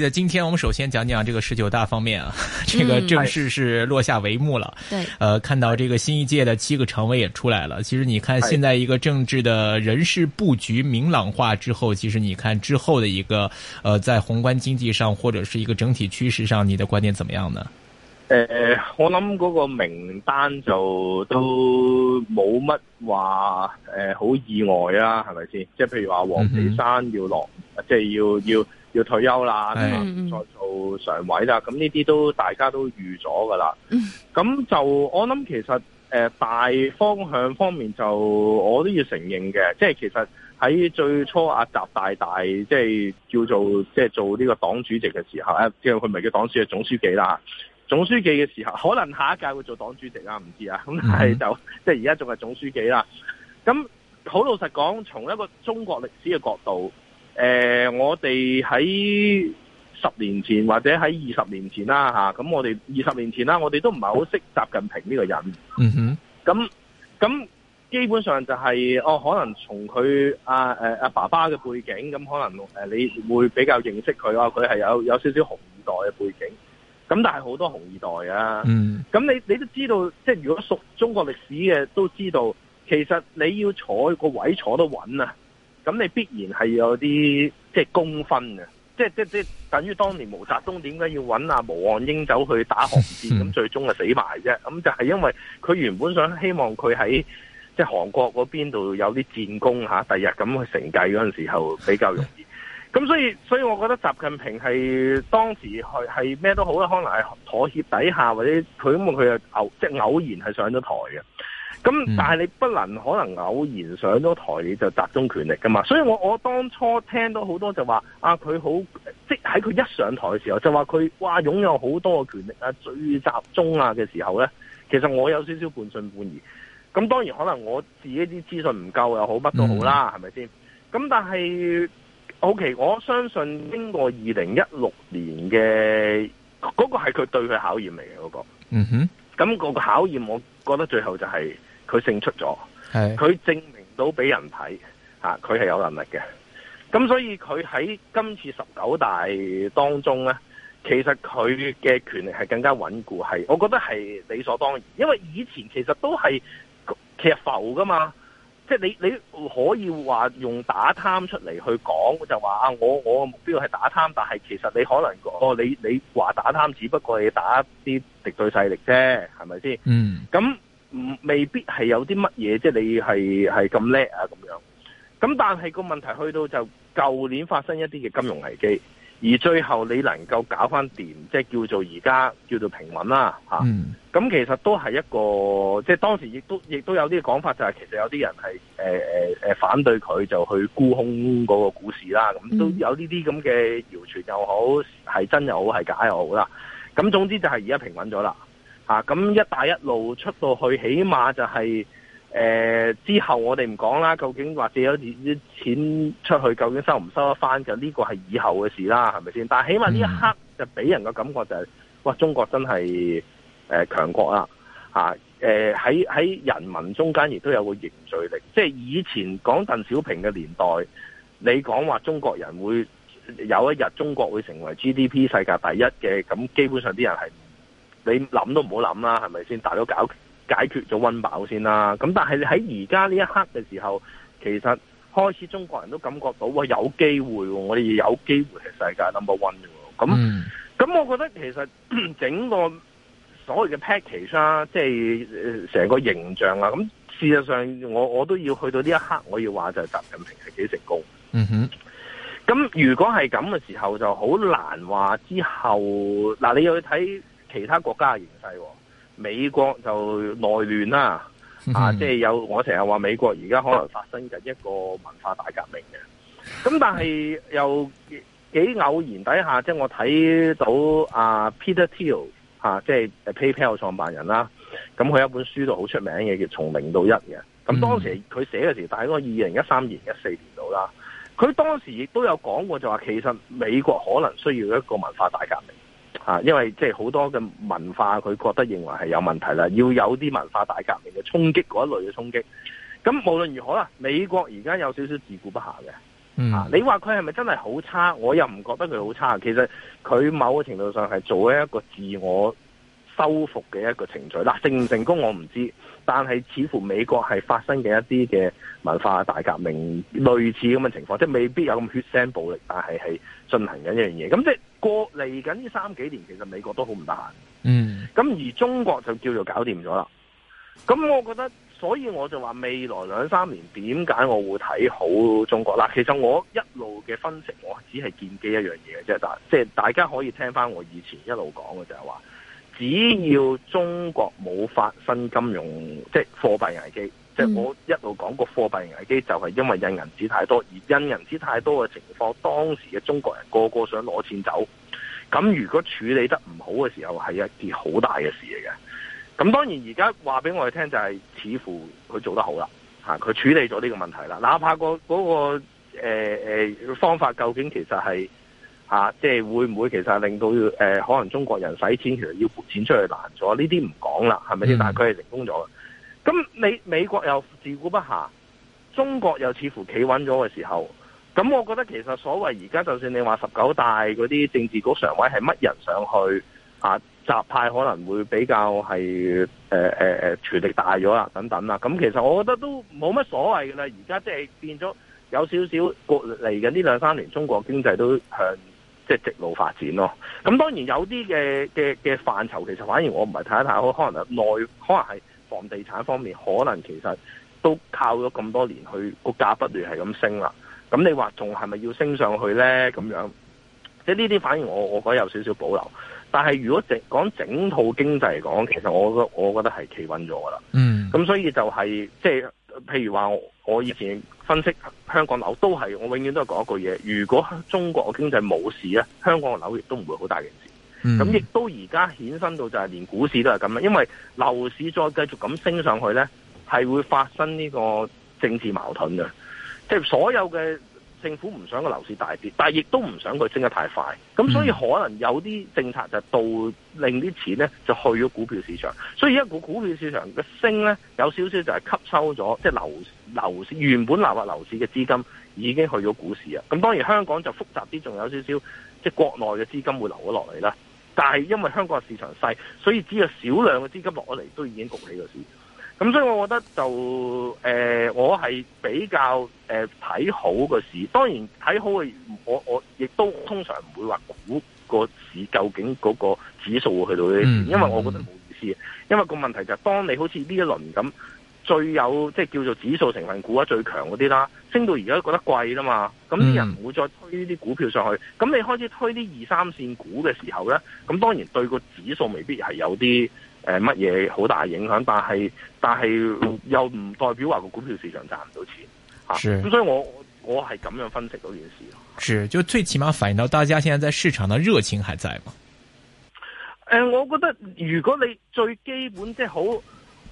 畢竟今天我們首先講講這個十九大方面啊，這個正式是落下帷幕了。嗯呃、對，呃，看到這個新一屆的七個常委也出來了。其實你看現在一個政治的人事布局明朗化之後，是其實你看之後的一個，呃，在宏觀經濟上或者是一個整體趨勢上，你的觀點怎麼樣呢？呃，我諗嗰個名單就都冇乜話呃，好意外啊，係咪先？即係譬如話王岐山要落，嗯、哼即係要要。要要退休啦，是再做常委啦，咁呢啲都大家都預咗噶啦。咁就我諗，其實、呃、大方向方面就，就我都要承認嘅，即係其實喺最初阿習大大，即係叫做即係做呢個黨主席嘅時候，啊、即係佢唔係叫黨主席，總書記啦。總書記嘅時候，可能下一屆會做黨主席啦，唔知啊。咁但係就、mm hmm. 即係而家仲係總書記啦。咁好老實講，從一個中國歷史嘅角度。誒，我哋喺十年前或者喺二十年前啦，吓，咁我哋二十年前啦，我哋都唔係好識習近平呢個人。嗯哼，咁咁基本上就係哦，可能從佢阿誒阿爸爸嘅背景，咁可能誒你會比較認識佢啊。佢係有有少少紅二代嘅背景，咁但係好多紅二代啊。嗯哼，咁你你都知道，即係如果熟中國歷史嘅都知道，其實你要坐個位坐得穩啊。咁你必然係有啲即係功分嘅，即係即係即，即等於當年毛澤東點解要揾阿、啊、毛岸英走去打韓戰，咁 最終係死埋啫。咁就係因為佢原本想希望佢喺即係韓國嗰邊度有啲戰功吓，第日咁去承繼嗰陣時候比較容易。咁所以所以，所以我覺得習近平係當時係係咩都好啦，可能係妥協底下或者佢咁佢又偶即係偶然係上咗台嘅。咁、嗯、但係你不能可能偶然上咗台你就集中權力噶嘛，所以我我當初聽到好多就話啊佢好即喺佢一上台嘅時候就話佢哇擁有好多嘅權力啊最集中啊嘅時候呢，其實我有少少半信半疑。咁當然可能我自己啲資訊唔夠又好乜都好啦，係咪先？咁但係好奇，OK, 我相信經過二零一六年嘅嗰、嗰個係佢對佢考驗嚟嘅嗰個。嗯哼。咁個個考驗，我覺得最後就係佢勝出咗，佢是證明到俾人睇吓，佢係有能力嘅。咁所以佢喺今次十九大當中咧，其實佢嘅權力係更加穩固，係我覺得係理所當然。因為以前其實都係其實浮噶嘛。即係你你可以話用打貪出嚟去講，就話啊我我個目標係打貪，但係其實你可能哦你你話打貪只不過係打啲敵對勢力啫，係咪先？嗯，咁未必係有啲乜嘢，即係你係係咁叻啊，咁樣咁。但係個問題去到就舊年發生一啲嘅金融危機。而最後你能夠搞翻掂，即係叫做而家叫做平穩啦，嚇！嗯，咁其實都係一個，即係當時亦都亦都有啲講法，就係其實有啲人係呃呃呃反對佢就去沽空嗰個股市啦，咁，嗯，嗯，都有呢啲咁嘅謠傳又好，係真又好係假又好啦。咁總之就係而家平穩咗啦，嚇！咁一帶一路出到去，起碼就係。誒、呃，之後我哋唔講啦，究竟或者有啲錢出去，究竟收唔收得返？就呢個係以後嘅事啦，係咪先？但係起碼呢一刻就俾人嘅感覺就係、是，哇！中國真係誒強國啦，吓誒喺喺人民中間亦都有個凝聚力。即、就、係、是、以前講鄧小平嘅年代，你講話中國人會有一日中國會成為 GDP 世界第一嘅，咁基本上啲人係你諗都唔好諗啦，係咪先？大佬搞。解決咗溫飽先啦，咁但係喺而家呢一刻嘅時候，其實開始中國人都感覺到喎，有機會，我哋要有機會係世界 number one 喎，咁咁、mm hmm. 嗯、我覺得其實整個所謂嘅 package 啦、啊，即係成個形象啊，咁事實上我我都要去到呢一刻，我要話就係習近平係幾成功，mm hmm. 嗯哼，咁如果係咁嘅時候，就好難話之後嗱，你要去睇其他國家嘅形勢喎、啊。美國就內亂啦，啊，即係、 啊就是、有我成日話美國而家可能發生緊一個文化大革命嘅，咁但係又幾，幾偶然底下，即、就、係、是、我睇到阿、啊、Peter t e i l 即、啊、係、就是、PayPal 創辦人啦，咁佢有一本書都好出名嘅，叫《從零到一》嘅，咁當時佢寫嘅時候大概二零一三年、嘅四年到啦，佢當時亦都有講過，就話其實美國可能需要一個文化大革命。因為即係好多嘅文化，佢覺得認為係有問題啦，要有啲文化大革命嘅衝擊嗰一類嘅衝擊。咁無論如何啦，美國而家有少少自顧不暇嘅。嗯，啊，你話佢係咪真係好差？我又唔覺得佢好差。其實佢某個程度上係做咗一個自我修復嘅一個程序。嗱，成唔成功我唔知，但係似乎美國係發生嘅一啲嘅文化大革命類似咁嘅情況，即係未必有咁血腥暴力，但係係進行緊一樣嘢。咁即過嚟緊呢三幾年，其實美國都好唔得閒。嗯，咁而中國就叫做搞掂咗啦。咁我覺得，所以我就話未來兩三年，點解我會睇好中國？嗱，其實我一路嘅分析，我只係建基一樣嘢嘅啫。即係、就是、大家可以聽翻我以前一路講嘅就係、是、話，只要中國冇發生金融即係貨幣危機。即係我一路講個貨幣危機，就係因為印銀紙太多，而印銀紙太多嘅情況，當時嘅中國人個個想攞錢走。咁如果處理得唔好嘅時候，係一件好大嘅事嚟嘅。咁當然而家話俾我哋聽，就係似乎佢做得好啦，嚇，佢處理咗呢個問題啦。哪怕、那個嗰個誒方法究竟其實係嚇、啊，即係會唔會其實令到誒、呃、可能中國人使錢其實要付錢出去難咗？呢啲唔講啦，係咪先？嗯、但係佢係成功咗。咁美美國又自顧不暇，中國又似乎企穩咗嘅時候，咁我覺得其實所謂而家就算你話十九大嗰啲政治局常委係乜人上去啊，習派可能會比較係誒誒誒權力大咗啦，等等啦，咁其實我覺得都冇乜所謂嘅啦。而家即係變咗有少少過，嚟緊呢兩三年中國經濟都向即係直路發展咯。咁當然有啲嘅嘅嘅範疇其實反而我唔係睇得太好，可能內可能係。房地產方面可能其實都靠咗咁多年去個價不斷係咁升啦，咁你話仲係咪要升上去呢？咁樣即係呢啲反而我我覺得有少少保留。但係如果整講整套經濟嚟講，其實我我我覺得係企穩咗噶啦。嗯，咁所以就係即係譬如話我，我以前分析香港樓都係我永遠都係講一句嘢，如果中國嘅經濟冇事咧，香港嘅樓亦都唔會好大件事。咁亦、嗯、都而家衍生到就係連股市都係咁啦，因為樓市再繼續咁升上去咧，係會發生呢個政治矛盾嘅，即係所有嘅政府唔想個樓市大跌，但係亦都唔想佢升得太快，咁、嗯、所以可能有啲政策就到令啲錢咧就去咗股票市場，所以一股股票市場嘅升咧有少少就係吸收咗，即係樓市原本流入樓市嘅資金已經去咗股市啊，咁當然香港就複雜啲，仲有少少即係國內嘅資金會流咗落嚟啦。但係因為香港個市場細，所以只有少量嘅資金落咗嚟，都已經焗起個市。咁所以我覺得就誒、呃，我係比較誒睇、呃、好個市。當然睇好嘅，我我亦都通常唔會話估個市究竟嗰個指數會去到啲，因為我覺得冇意思。因為個問題就係當你好似呢一輪咁。最有即係叫做指數成分股啊，最強嗰啲啦，升到而家覺得貴啦嘛，咁啲人唔會再推呢啲股票上去。咁、嗯、你開始推啲二三線股嘅時候咧，咁當然對個指數未必係有啲誒乜嘢好大影響，但係但係又唔代表話個股票市場賺唔到錢，嚇是。咁、啊、所以我我係咁樣分析嗰件事。是就最起碼反映到大家現在在市場的熱情還在嘛？誒、呃，我覺得如果你最基本即係好。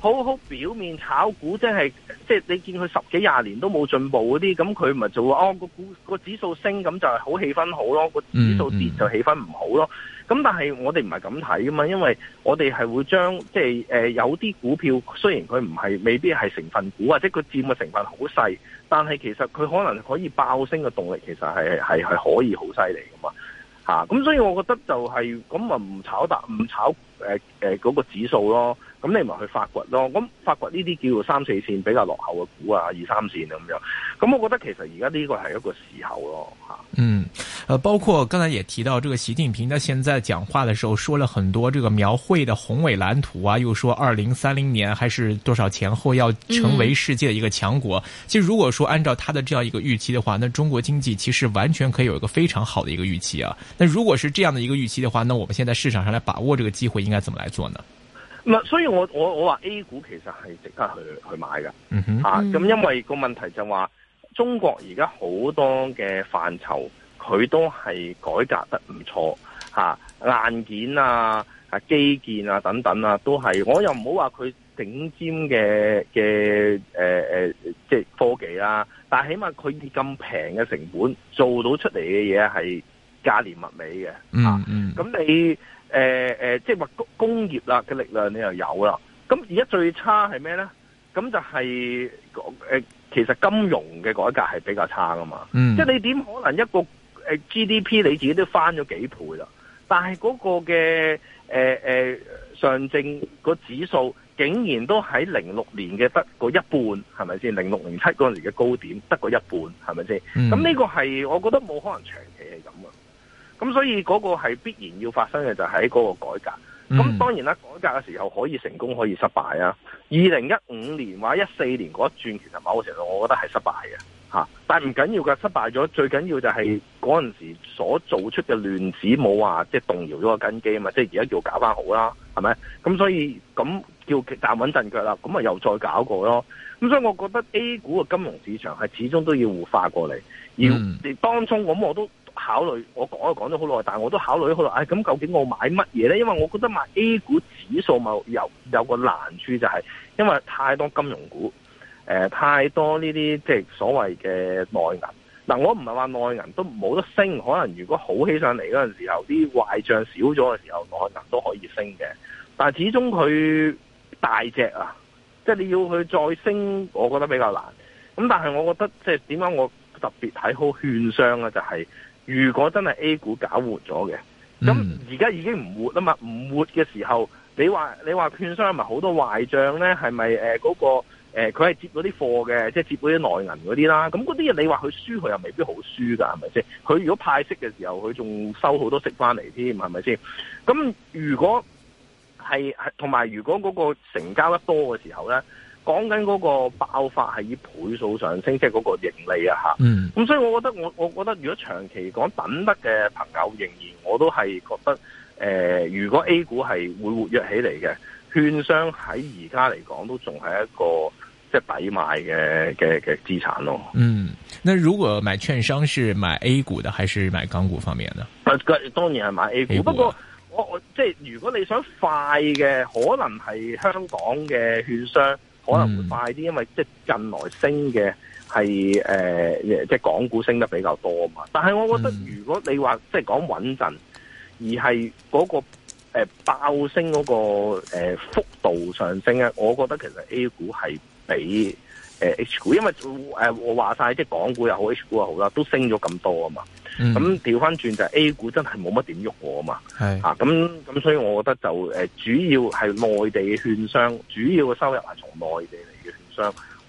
好好表面炒股，即係即係你見佢十幾廿年都冇進步嗰啲，咁佢咪就話哦個股個指數升，咁就係好氣氛好咯，個指數跌就氣氛唔好咯。咁但係我哋唔係咁睇噶嘛，因為我哋係會將即係誒、呃、有啲股票，雖然佢唔係未必係成分股，或者佢佔嘅成分好細，但係其實佢可能可以爆升嘅動力，其實係係係可以好犀利噶嘛。吓咁、啊、所以我覺得就係咁啊，唔炒大唔炒誒誒嗰個指數咯，咁你咪去發掘咯，咁發掘呢啲叫做三四綫比較落後嘅股啊，二三綫咁樣，咁我覺得其實而家呢個係一個時候咯吓。嗯，誒、呃，包括剛才也提到，這個習近平他現在講話嘅時候說了很多，這個描繪的宏偉藍圖啊，又說二零三零年還是多少前後要成為世界的一個強國。嗯嗯。其實如果說按照他的這樣一個預期的話，那中國經濟其實完全可以有一個非常好的一個預期啊。那如果是這樣的一個預期的話，那我們現在市場上來把握這個機會應該怎麼來做呢？所以我我我話 A 股其實係值得去去買㗎，嗯、哼啊，咁因為個問題就話、是、中國而家好多嘅範疇佢都係改革得唔錯，吓、啊、硬件啊、啊基建啊等等啊都係，我又唔好話佢頂尖嘅嘅誒誒，即係科技啦、啊，但係起碼佢以咁平嘅成本做到出嚟嘅嘢係。價廉物美嘅，咁、嗯嗯啊、你誒誒、呃呃，即係話工業啦嘅力量你又有啦。咁而家最差係咩咧？咁就係、是、誒、呃，其實金融嘅改革係比較差噶嘛。嗯、即係你點可能一個誒 GDP 你自己都翻咗幾倍啦，但係嗰個嘅誒誒上證個指數竟然都喺零六年嘅得嗰一半，係咪先？零六零七嗰陣時嘅高點得嗰一半，係咪先？咁呢、嗯、個係我覺得冇可能長期係咁啊。咁、嗯、所以嗰個係必然要發生嘅就係、是、嗰個改革。咁當然啦，改革嘅時候可以成功，可以失敗啊。二零一五年或一四年嗰一轉其實某程度我覺得係失敗嘅、啊，但唔緊要㗎，失敗咗，最緊要就係嗰陣時所做出嘅亂子冇話即係動搖咗個根基啊嘛。即係而家叫搞返好啦，係咪？咁所以咁叫站穩陣腳啦，咁啊又再搞過咯。咁所以我覺得 A 股嘅金融市場係始終都要互化過嚟。而當初咁我都。嗯考慮我講一講咗好耐，但係我都考慮好耐。哎、咁究竟我買乜嘢呢？因為我覺得買 A 股指數有有個難處，就係因為太多金融股，誒、呃，太多呢啲即係所謂嘅內銀。嗱，我唔係話內銀都冇得升，可能如果好起上嚟嗰陣時候，啲壞賬少咗嘅時候，內銀都可以升嘅。但係始終佢大隻啊，即係你要佢再升，我覺得比較難。咁但係我覺得即係點解我特別睇好券商呀？就係、是。如果真係 A 股搞活咗嘅，咁而家已經唔活啊嘛，唔活嘅時候，你話你話券商係咪好多壞賬咧？係咪誒嗰個佢係、呃、接嗰啲貨嘅，即係接嗰啲內銀嗰啲啦？咁嗰啲嘢你話佢輸，佢又未必好輸噶，係咪先？佢如果派息嘅時候，佢仲收好多息翻嚟添，係咪先？咁如果係同埋，如果嗰個成交得多嘅時候咧？講緊嗰個爆發係以倍數上升，即係嗰個盈利啊吓。咁、嗯、所以我覺得我我覺得如果長期講，等得嘅朋友，仍然我都係覺得，誒、呃，如果 A 股係會活躍起嚟嘅，券商喺而家嚟講都仲係一個即係抵賣嘅嘅嘅資產咯。嗯，那如果買券商是買 A 股的，還是買港股方面呢？當然係買 A 股，不過、啊、我我即係如果你想快嘅，可能係香港嘅券商。可能會快啲，因為即係近來升嘅係誒，即、呃、係港股升得比較多啊嘛。但係我覺得如果你話即係講穩陣，而係嗰、嗰個、呃、爆升嗰、嗰個、呃、幅度上升咧，我覺得其實 A 股係比誒 H 股，因為誒我話晒，即係港股又好，H 股又好啦，都升咗咁多啊嘛，咁調翻轉就係 A 股真係冇乜點喐我啊嘛，是啊咁咁，所以我覺得就、呃、主要係內地嘅券商，主要嘅收入係從內地嚟嘅券商。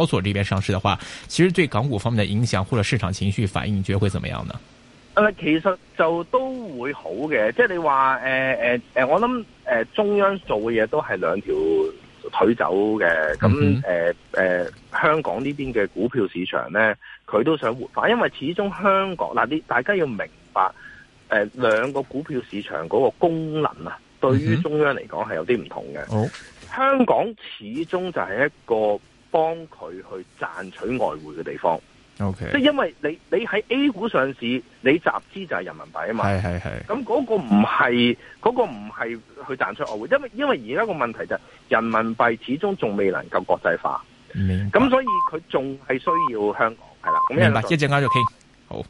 交易所這邊上市嘅話，其實對港股方面嘅影響或者市場情緒反應，你覺得會怎麼樣呢？誒，其實就都會好嘅，即係你話誒誒誒，我諗誒中央做嘅嘢都係兩條腿走嘅，咁誒誒，香港呢邊嘅股票市場呢，佢都想活化，因為始終香港嗱，你大家要明白誒，兩個股票市場嗰個功能啊，對於中央嚟講係有啲唔同嘅。好、嗯哼，香港始終就係一個。幫佢去賺取外匯嘅地方，OK，即係因為你你喺 A 股上市，你集資就係人民幣啊嘛，係係係，咁嗰個唔係，嗰個唔係去賺取外匯，因為因為而家個問題就係、是、人民幣始終仲未能夠國際化，咁白所以佢仲係需要香港係啦，咁樣一陣間就傾好。